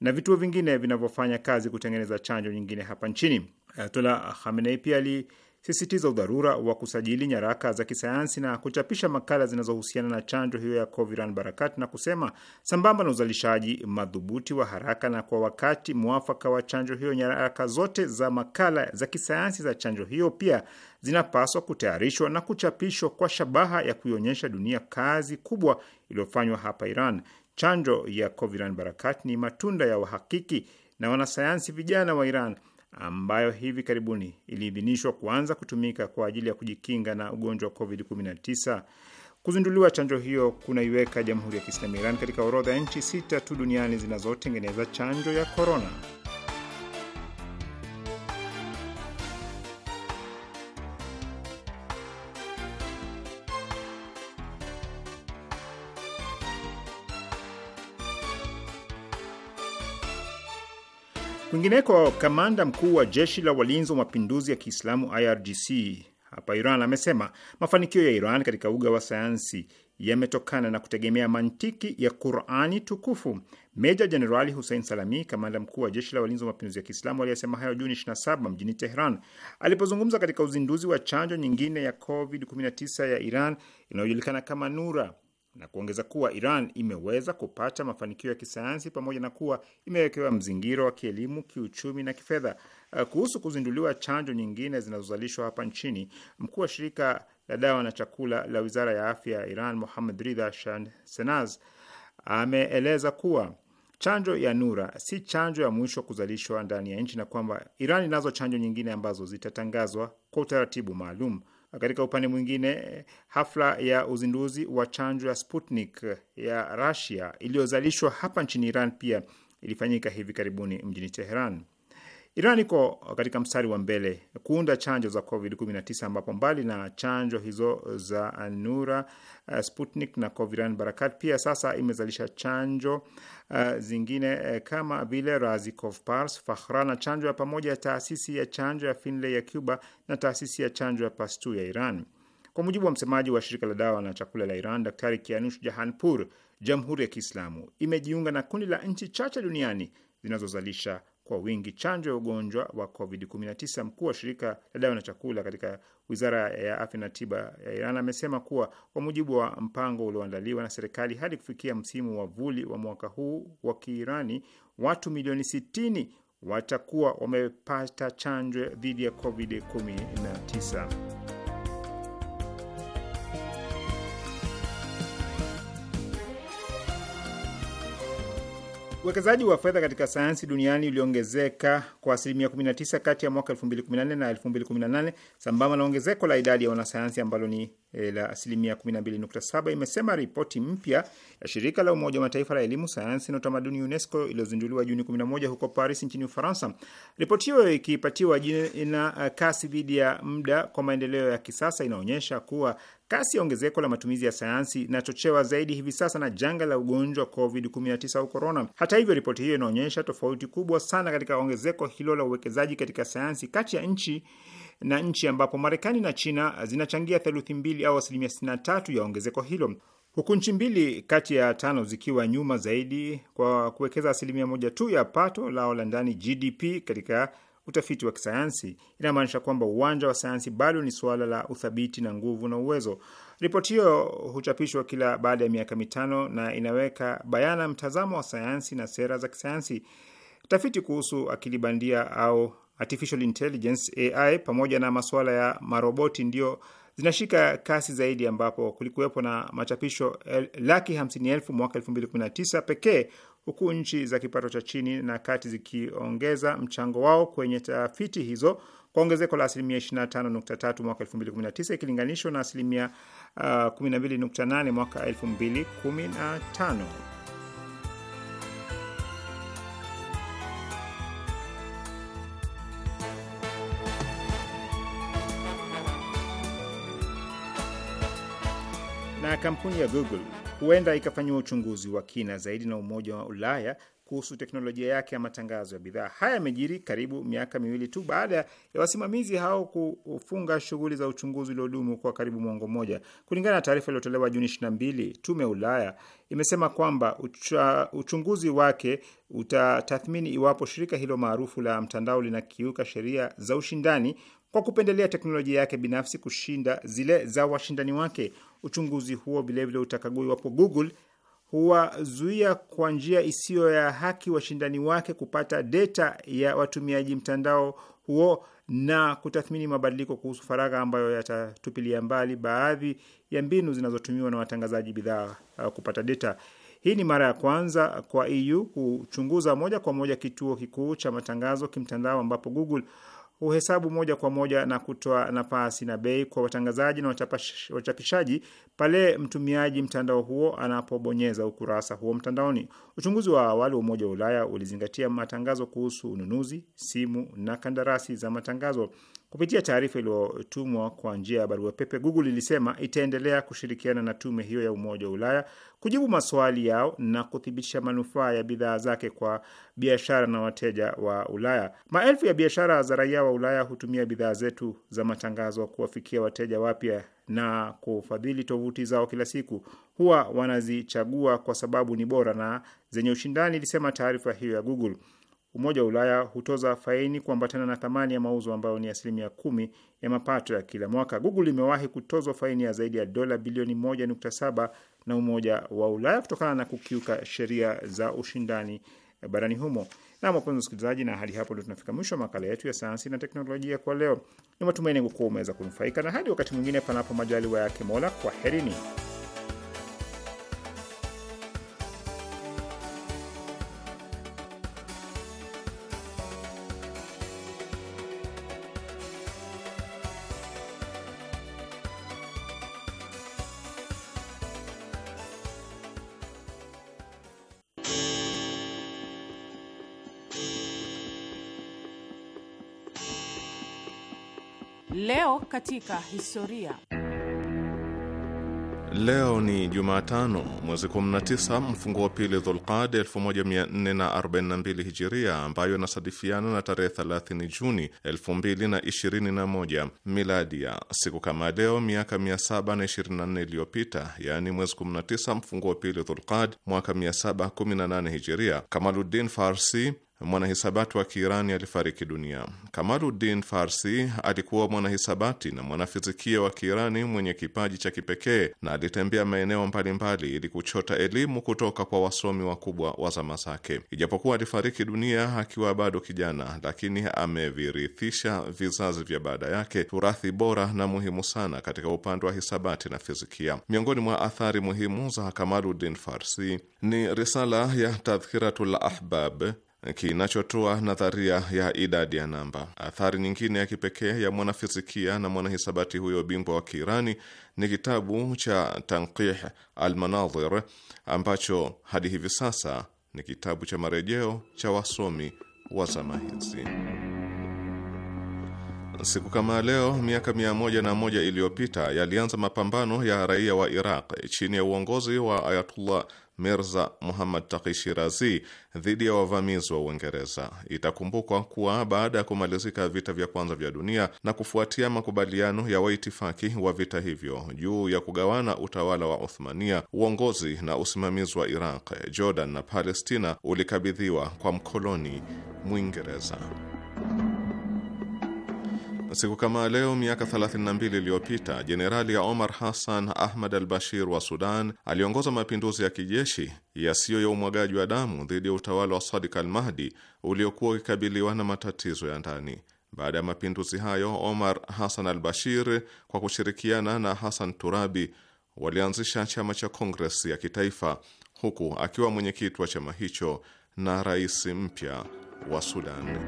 S2: na vituo vingine vinavyofanya kazi kutengeneza chanjo nyingine hapa nchini. Ayatola Khamenei pia alisisitiza udharura wa kusajili nyaraka za kisayansi na kuchapisha makala zinazohusiana na chanjo hiyo ya Coviran Barakat na kusema, sambamba na uzalishaji madhubuti wa haraka na kwa wakati mwafaka wa chanjo hiyo, nyaraka zote za makala za kisayansi za chanjo hiyo pia zinapaswa kutayarishwa na kuchapishwa kwa shabaha ya kuionyesha dunia kazi kubwa iliyofanywa hapa Iran. Chanjo ya Coviran Barakat ni matunda ya uhakiki na wanasayansi vijana wa Iran ambayo hivi karibuni iliidhinishwa kuanza kutumika kwa ajili ya kujikinga na ugonjwa wa COVID-19. Kuzinduliwa chanjo hiyo kunaiweka Jamhuri ya Kiislamu ya Iran katika orodha ya nchi sita tu duniani zinazotengeneza chanjo ya korona. Kwingineko, kamanda mkuu wa jeshi la walinzi wa mapinduzi ya Kiislamu IRGC hapa Iran amesema mafanikio ya Iran katika uga wa sayansi yametokana na kutegemea mantiki ya Qurani tukufu. Meja Jenerali Hussein Salami, kamanda mkuu wa jeshi la walinzi wa mapinduzi ya Kiislamu, aliyesema hayo Juni 27 mjini Tehran alipozungumza katika uzinduzi wa chanjo nyingine ya COVID-19 ya Iran inayojulikana kama Nura na kuongeza kuwa Iran imeweza kupata mafanikio ya kisayansi pamoja na kuwa imewekewa mzingiro wa kielimu, kiuchumi na kifedha. Uh, kuhusu kuzinduliwa chanjo nyingine zinazozalishwa hapa nchini, mkuu wa shirika la dawa na chakula la wizara ya afya ya Iran, Muhammad Ridha Shahsenaz, ameeleza kuwa chanjo ya Nura si chanjo ya mwisho kuzalishwa ndani ya nchi na kwamba Iran inazo chanjo nyingine ambazo zitatangazwa kwa utaratibu maalum. Katika upande mwingine, hafla ya uzinduzi wa chanjo ya Sputnik ya Russia iliyozalishwa hapa nchini Iran pia ilifanyika hivi karibuni mjini Teheran. Iran iko katika mstari wa mbele kuunda chanjo za COVID-19 ambapo mbali na chanjo hizo za Anura, eh, Sputnik na Coviran Barakat, pia sasa imezalisha chanjo uh, zingine uh, kama vile Razikov, Pars, Fakhra na chanjo ya pamoja ya taasisi ya chanjo ya Finlay ya Cuba na taasisi ya chanjo ya Pasteur ya Iran. Kwa mujibu wa msemaji wa shirika la dawa na chakula la Iran, Daktari Kianush Jahanpur, Jamhuri ya Kiislamu imejiunga na kundi la nchi chache duniani zinazozalisha kwa wingi chanjo ya ugonjwa wa COVID-19. Mkuu wa shirika la dawa na chakula katika wizara ya afya na tiba ya Iran amesema kuwa kwa mujibu wa mpango ulioandaliwa na serikali, hadi kufikia msimu wa vuli wa mwaka huu wa Kiirani, watu milioni 60 watakuwa wamepata chanjo dhidi ya COVID-19. Uwekezaji wa fedha katika sayansi duniani uliongezeka kwa asilimia 19 kati ya mwaka 2014 na 2018 sambamba na ongezeko la idadi ya wanasayansi ambalo ni eh, la asilimia 12.7, imesema ripoti mpya ya shirika la Umoja wa Mataifa la elimu, sayansi na utamaduni UNESCO iliyozinduliwa Juni 11 huko Paris nchini Ufaransa. Ripoti hiyo ikipatiwa jina eh, eh, kasi dhidi ya muda kwa maendeleo ya kisasa inaonyesha kuwa Kasi ya ongezeko la matumizi ya sayansi inachochewa zaidi hivi sasa na janga la ugonjwa COVID-19 au korona. Hata hivyo, ripoti hiyo inaonyesha tofauti kubwa sana katika ongezeko hilo la uwekezaji katika sayansi kati ya nchi na nchi, ambapo Marekani na China zinachangia theluthi mbili au asilimia 63 ya ongezeko hilo huku nchi mbili kati ya tano zikiwa nyuma zaidi kwa kuwekeza asilimia moja tu ya pato lao la ndani GDP katika utafiti wa kisayansi. Inamaanisha kwamba uwanja wa sayansi bado ni suala la uthabiti na nguvu na uwezo. Ripoti hiyo huchapishwa kila baada ya miaka mitano na inaweka bayana mtazamo wa sayansi na sera za kisayansi. Tafiti kuhusu akili bandia au artificial intelligence AI pamoja na masuala ya maroboti ndio zinashika kasi zaidi ambapo kulikuwepo na machapisho laki hamsini elfu mwaka elfu mbili kumi na tisa pekee huku nchi za kipato cha chini na kati zikiongeza mchango wao kwenye tafiti hizo kwa ongezeko la asilimia 25.3 mwaka 2019 ikilinganishwa na asilimia 12.8 uh, mwaka 2015. na kampuni ya Google huenda ikafanyiwa uchunguzi wa kina zaidi na Umoja wa Ulaya kuhusu teknolojia yake ya matangazo ya bidhaa. Haya yamejiri karibu miaka miwili tu baada ya wasimamizi hao kufunga shughuli za uchunguzi uliodumu kwa karibu mwongo mmoja. Kulingana na taarifa iliyotolewa Juni 22, tume ya Ulaya imesema kwamba ucha, uchunguzi wake utatathmini iwapo shirika hilo maarufu la mtandao linakiuka sheria za ushindani kwa kupendelea teknolojia yake binafsi kushinda zile za washindani wake. Uchunguzi huo vilevile utakagua iwapo Google huwazuia kwa njia isiyo ya haki washindani wake kupata data ya watumiaji mtandao huo na kutathmini mabadiliko kuhusu faragha ambayo yatatupilia mbali baadhi ya mbinu zinazotumiwa na watangazaji bidhaa uh, kupata data. Hii ni mara ya kwanza kwa EU kuchunguza moja kwa moja kituo kikuu cha matangazo kimtandao ambapo Google huhesabu moja kwa moja na kutoa nafasi na bei kwa watangazaji na wachapishaji pale mtumiaji mtandao huo anapobonyeza ukurasa huo mtandaoni. Uchunguzi wa awali wa Umoja wa Ulaya ulizingatia matangazo kuhusu ununuzi, simu na kandarasi za matangazo. Kupitia taarifa iliyotumwa kwa njia ya barua pepe, Google ilisema itaendelea kushirikiana na tume hiyo ya Umoja wa Ulaya kujibu maswali yao na kuthibitisha manufaa ya bidhaa zake kwa biashara na wateja wa Ulaya. Maelfu ya biashara za raia wa Ulaya hutumia bidhaa zetu za matangazo kuwafikia wateja wapya na kufadhili tovuti zao kila siku. Huwa wanazichagua kwa sababu ni bora na zenye ushindani, ilisema taarifa hiyo ya Google. Umoja wa Ulaya hutoza faini kuambatana na thamani ya mauzo ambayo ni asilimia kumi ya mapato ya kila mwaka. Google imewahi kutozwa faini ya zaidi ya dola bilioni moja nukta saba na Umoja wa Ulaya kutokana na kukiuka sheria za ushindani barani humo. Na wapenzi wasikilizaji, na hadi hapo ndio tunafika mwisho wa makala yetu ya sayansi na teknolojia kwa leo. Ni matumaini kuwa umeweza kunufaika, na hadi wakati mwingine, panapo majaliwa yake Mola, kwaherini.
S5: Leo katika historia.
S3: Leo ni Jumatano, mwezi 19 mfungo wa pili Dhulqad 1442 Hijiria, ambayo inasadifiana na tarehe 30 Juni 2021 Miladia. Siku kama leo miaka 724 iliyopita, yaani mwezi 19 mfungo wa pili Dhulqad mwaka 718 Hijiria, Kamaluddin Farsi mwanahisabati wa Kiirani alifariki dunia. Kamaluddin Farsi alikuwa mwanahisabati na mwanafizikia wa Kiirani mwenye kipaji cha kipekee na alitembea maeneo mbalimbali ili kuchota elimu kutoka kwa wasomi wakubwa wa zama zake. Ijapokuwa alifariki dunia akiwa bado kijana, lakini amevirithisha vizazi vya baada yake urathi bora na muhimu sana katika upande wa hisabati na fizikia. Miongoni mwa athari muhimu za Kamaluddin Farsi ni risala ya Tadhkiratul Ahbab kinachotoa nadharia ya idadi ya namba. Athari nyingine ya kipekee ya mwanafizikia na mwanahisabati huyo bingwa wa Kiirani ni kitabu cha Tanqih Almanadhir ambacho hadi hivi sasa ni kitabu cha marejeo cha wasomi wa zama hizi. Siku kama leo miaka mia moja na moja iliyopita yalianza mapambano ya raia wa Iraq chini ya uongozi wa Ayatullah Mirza Muhammad Taki Shirazi dhidi ya wavamizi wa Uingereza. Itakumbukwa kuwa baada ya kumalizika vita vya kwanza vya dunia na kufuatia makubaliano ya waitifaki wa vita hivyo juu ya kugawana utawala wa Uthmania, uongozi na usimamizi wa Iraq, Jordan na Palestina ulikabidhiwa kwa mkoloni Mwingereza. Siku kama leo miaka 32 iliyopita jenerali ya Omar Hassan Ahmad al Bashir wa Sudan aliongoza mapinduzi ya kijeshi yasiyo ya umwagaji wa damu dhidi ya utawala wa Sadik al Mahdi uliokuwa ukikabiliwa na matatizo ya ndani. Baada ya mapinduzi hayo, Omar Hassan al Bashir kwa kushirikiana na Hassan Turabi walianzisha chama cha Kongres ya Kitaifa, huku akiwa mwenyekiti wa chama hicho na rais mpya wa Sudan.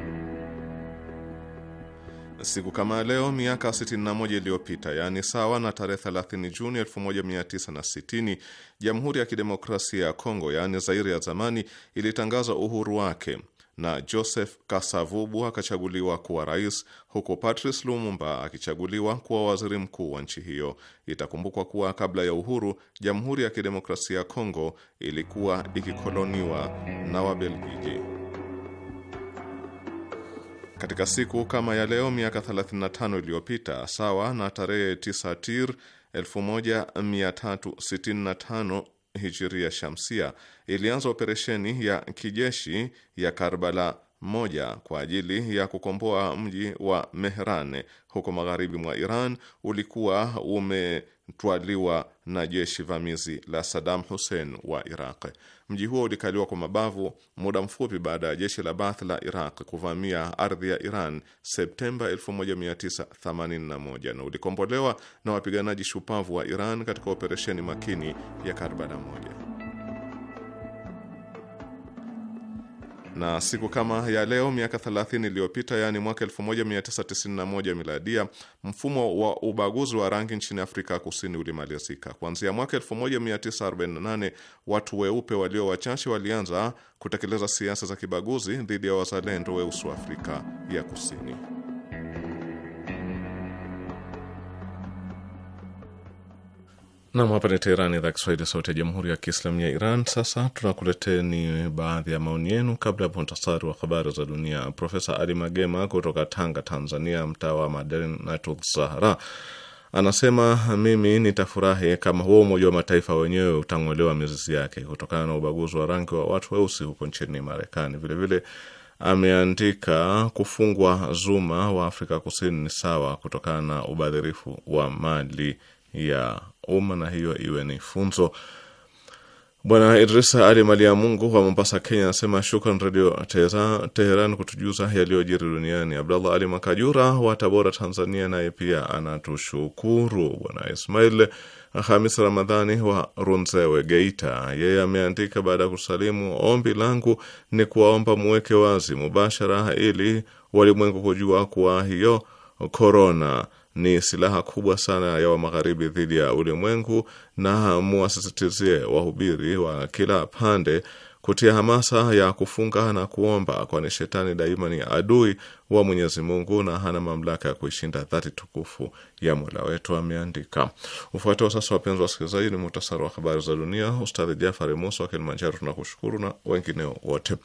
S3: Siku kama leo miaka 61 iliyopita, yaani sawa na tarehe 30 Juni 1960, Jamhuri ya Kidemokrasia ya Kongo, yaani Zaire ya zamani, ilitangaza uhuru wake na Joseph Kasavubu akachaguliwa kuwa rais, huku Patrice Lumumba akichaguliwa kuwa waziri mkuu wa nchi hiyo. Itakumbukwa kuwa kabla ya uhuru, Jamhuri ya Kidemokrasia ya Kongo ilikuwa ikikoloniwa na Wabelgiji. Katika siku kama ya leo miaka 35 iliyopita, sawa na tarehe 9 Tir 1365 hijiria shamsia, ilianza operesheni ya kijeshi ya Karbala moja kwa ajili ya kukomboa mji wa Mehran huko magharibi mwa Iran ulikuwa ume twaliwa na jeshi vamizi la Saddam Hussein wa Iraq. Mji huo ulikaliwa kwa mabavu muda mfupi baada ya jeshi la Baath la Iraq kuvamia ardhi ya Iran Septemba 1981 na ulikombolewa na wapiganaji shupavu wa Iran katika operesheni makini ya Karbala moja. na siku kama ya leo miaka 30 iliyopita, yaani mwaka 1991 miladia, mfumo wa ubaguzi wa rangi nchini Afrika Kusini ulimalizika. Kuanzia mwaka 1948 watu weupe walio wachache walianza kutekeleza siasa za kibaguzi dhidi ya wazalendo weusi wa Afrika ya Kusini. Nam, hapa ni Teherani, idhaa Kiswahili, sauti ya jamhuri ya kiislamu ya Iran. Sasa tunakuleteni baadhi ya maoni yenu, kabla ya muhtasari wa habari za dunia. Profesa Ali Magema kutoka Tanga, Tanzania, mtaa wa Madinatu anasema mimi nitafurahi kama huo Umoja wa Mataifa wenyewe utang'olewa mizizi yake kutokana na ubaguzi wa rangi wa watu weusi huko nchini Marekani. Vilevile ameandika kufungwa Zuma wa Afrika Kusini ni sawa kutokana na ubadhirifu wa mali ya umma, na hiyo iwe ni funzo. Bwana Idrisa Ali Mali ya Mungu wa Mombasa, Kenya, anasema shukran Radio Teheran kutujuza yaliyojiri duniani. Abdallah Ali Makajura wa Tabora, Tanzania, naye pia anatushukuru. Bwana Ismail Hamis Ramadhani wa Runzewe, Geita, yeye ameandika baada ya kusalimu, ombi langu ni kuwaomba muweke wazi mubashara, ili walimwengu kujua kuwa hiyo korona ni silaha kubwa sana ya magharibi dhidi ya ulimwengu, na muwasisitizie wahubiri wa kila pande kutia hamasa ya kufunga na kuomba, kwani shetani daima ni adui wa Mwenyezi Mungu na hana mamlaka ya kuishinda dhati tukufu ya Mola wetu, ameandika. Ufuatao sasa, wapenzi wasikilizaji, ni muhtasari wa habari za dunia. Ustadhi Jafari Musa wa Kilimanjaro, tunakushukuru na wengineo wote.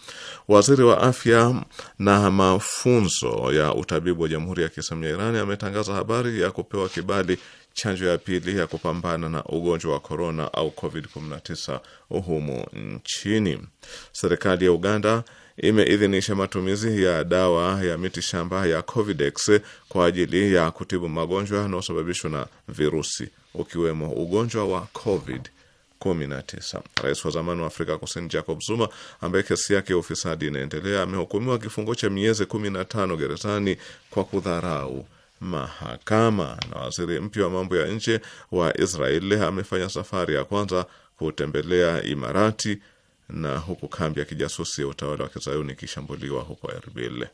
S3: Waziri wa afya na mafunzo ya utabibu wa Jamhuri ya Kiislamu ya Irani ametangaza habari ya kupewa kibali chanjo ya pili ya kupambana na ugonjwa wa korona au COVID-19 humu nchini. Serikali ya Uganda imeidhinisha matumizi ya dawa ya miti shamba ya Covidex kwa ajili ya kutibu magonjwa yanayosababishwa na virusi ukiwemo ugonjwa wa COVID 19. Rais wa zamani wa Afrika Kusini Jacob Zuma, ambaye kesi yake ya ufisadi inaendelea, amehukumiwa kifungo cha miezi 15 gerezani kwa kudharau mahakama. Na waziri mpya wa mambo ya nje wa Israeli amefanya safari ya kwanza kutembelea Imarati na huku kambi ya kijasusi ya utawala wa kizayuni ikishambuliwa huko Erbil.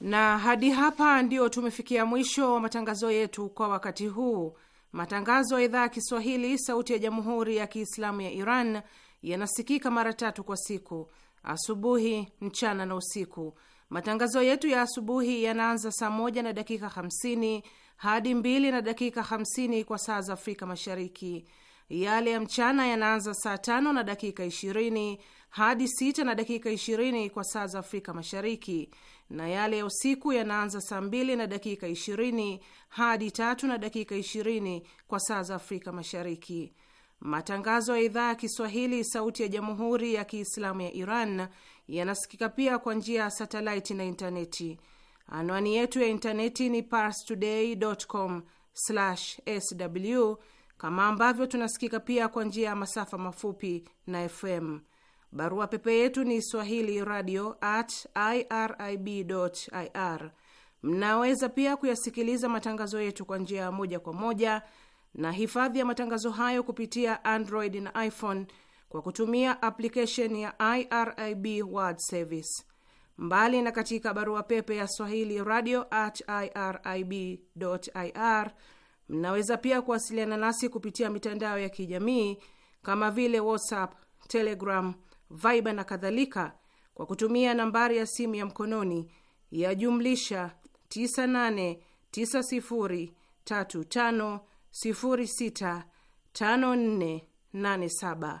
S5: Na hadi hapa ndio tumefikia mwisho wa matangazo yetu kwa wakati huu. Matangazo ya idhaa ya Kiswahili sauti ya jamhuri ya Kiislamu ya Iran yanasikika mara tatu kwa siku: asubuhi, mchana na usiku Matangazo yetu ya asubuhi yanaanza saa moja na dakika hamsini hadi mbili na dakika hamsini kwa saa za Afrika Mashariki. Yale ya mchana yanaanza saa tano na dakika ishirini hadi sita na dakika ishirini kwa saa za Afrika Mashariki, na yale ya usiku yanaanza saa mbili na dakika ishirini hadi tatu na dakika ishirini kwa saa za Afrika Mashariki. Matangazo ya idhaa ya Kiswahili sauti ya Jamhuri ya Kiislamu ya Iran yanasikika pia kwa njia ya satelaiti na intaneti. Anwani yetu ya intaneti ni parstoday.com/sw, kama ambavyo tunasikika pia kwa njia ya masafa mafupi na FM. Barua pepe yetu ni swahili radio at irib.ir. Mnaweza pia kuyasikiliza matangazo yetu kwa njia ya moja kwa moja na hifadhi ya matangazo hayo kupitia Android na iPhone kwa kutumia application ya IRIB World Service, mbali na katika barua pepe ya Swahili radio at irib ir. Mnaweza pia kuwasiliana nasi kupitia mitandao ya kijamii kama vile WhatsApp, Telegram, Viber na kadhalika, kwa kutumia nambari ya simu ya mkononi ya jumlisha 989035065487.